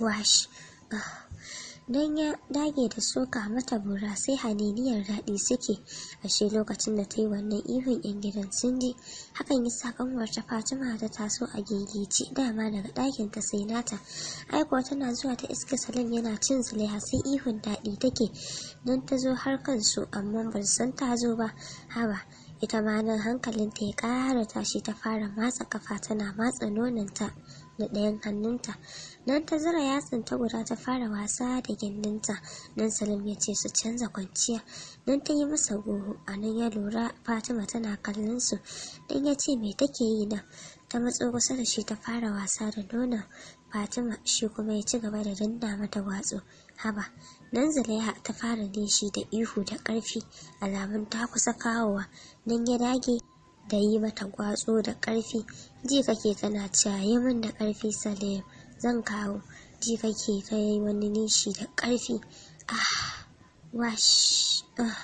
wash ah, don ya dage da soka mata bura sai haniniyar daɗi suke ashe lokacin da ta yi wannan ihun yan gidan sun ji hakan yi kanwar ta fatima ta taso a gigici dama daga ɗakin ta sai nata aiko tana zuwa ta iska salon yana cin zuliya sai ihun daɗi take don ta zo har kansu amma ban san ta zo ba haba ita ma nan hankalinta ya ƙara tashi ta fara matsa kafa tana matsa nononta da ɗayan hannunta nan ta zura, yatsun ta guda ta fara wasa da gindinta nan salim ya ce su canza kwanciya nan ta yi masa goho a nan ya lura fatima tana kallon su nan ya ce me take yi nan ta matso kusa da shi ta fara wasa da nonon fatima shi kuma ya ci gaba da danna mata watsu haba nan zulaiha ta fara nishi da ihu da ƙarfi alamun ta kusa kawowa nan ya dage da yi mata gwatso da ƙarfi ji kake tana cewa yi min da ƙarfi salim zan kawo ji kake ta yi wani nishi da ƙarfi ah wash ah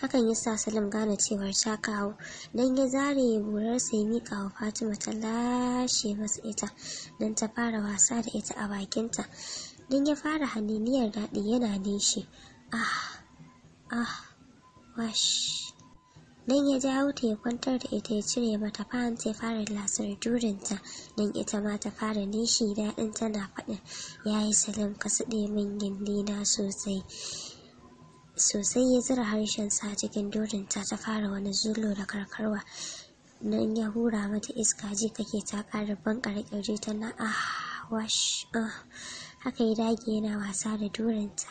hakan ya sa salim gane cewar ta kawo don ya zare ya burarsa ya miƙa wa fatima ta lashe masa ita don ta fara wasa da ita a bakinta don ya fara haniniyar daɗi yana nishi ah ah wash Nan ya jawo ta ya kwantar da ita ya cire mata pants ya fara lasar durinta don ita ma ta fara nishi daɗin tana faɗin ya yi salim ka su min na sosai. Sosai ya zira sa cikin durinta ta fara wani zulo da karkarwa. Nan ya hura mata iska ji kake ta ƙara bankare ƙirji tana ah wash ah. haka ya dage yana wasa da durinta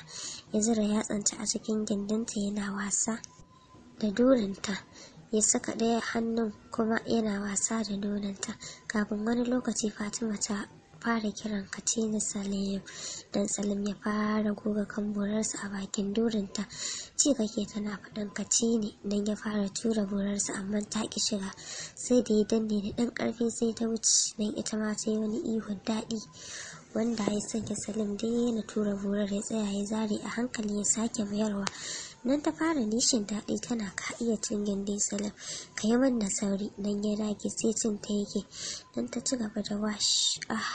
ya zira tsanta a cikin gindinta yana wasa. da doronta ya saka ɗaya hannun kuma yana wasa da nononta kafin wani lokaci fatima ta fara kiran katina salim dan salim ya fara goga kamburarsa a bakin durinta ci kake tana faɗin katini dan ya fara tura burarsa amma ta ki shiga sai da ya danne da ɗan ƙarfi sai ta wuce dan ita ma ta yi wani ihun daɗi wanda ya sanya salim daina tura burar ya tsaya ya zare a hankali ya sake mayarwa nan ta fara nishin daɗi tana ka iya cin gindin salam ka yi min da sauri nan ya dage sai cin ta yake nan ta ci gaba da wash ah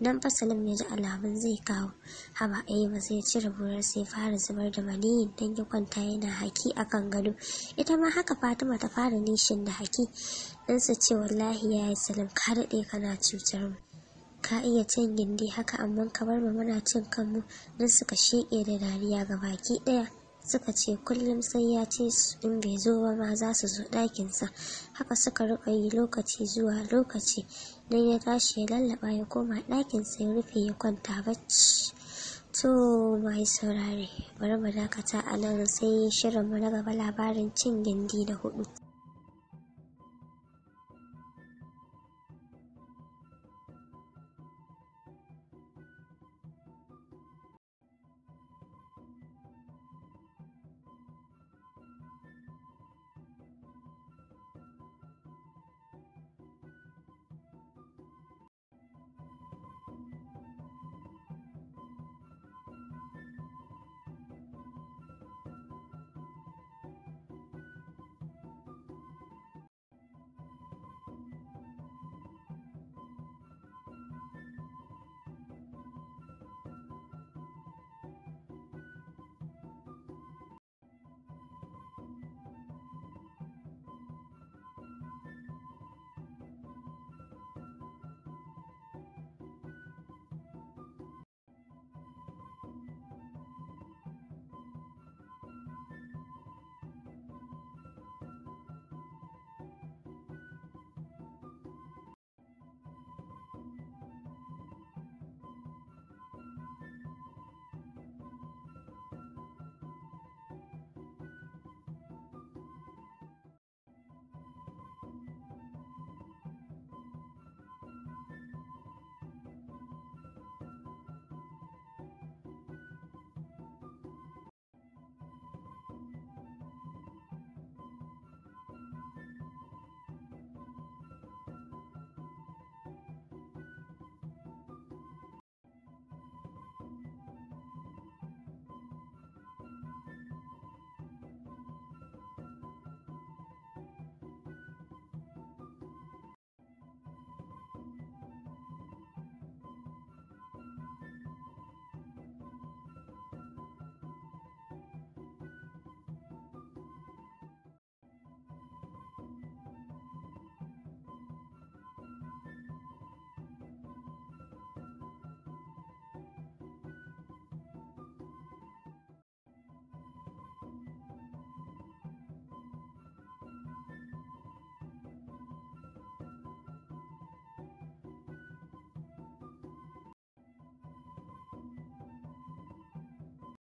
nan mm. fa salim ya ji alamun zai kawo haba ya ba sai cire burar sai fara zubar da maniyin dan ya kwanta yana haki akan gado ita ma haka fatima ta fara nishin da haki dan su ce wallahi ya yi salim ka daɗe kana cutar mu ka iya cin gindi haka amma ka bar mu muna cin kanmu dan suka sheƙe da dariya ga baki ɗaya suka ce kullum sai ya ce su in bai zo ba ma za su zo ɗakinsa haka suka riƙa yi lokaci zuwa lokaci don ya tashi ya lallaɓa ya koma ɗakinsa ya rufe ya kwanta bacci to mai saurare bari mu dakata a nan sai shirin mu na gaba labarin cin gindi da huɗu.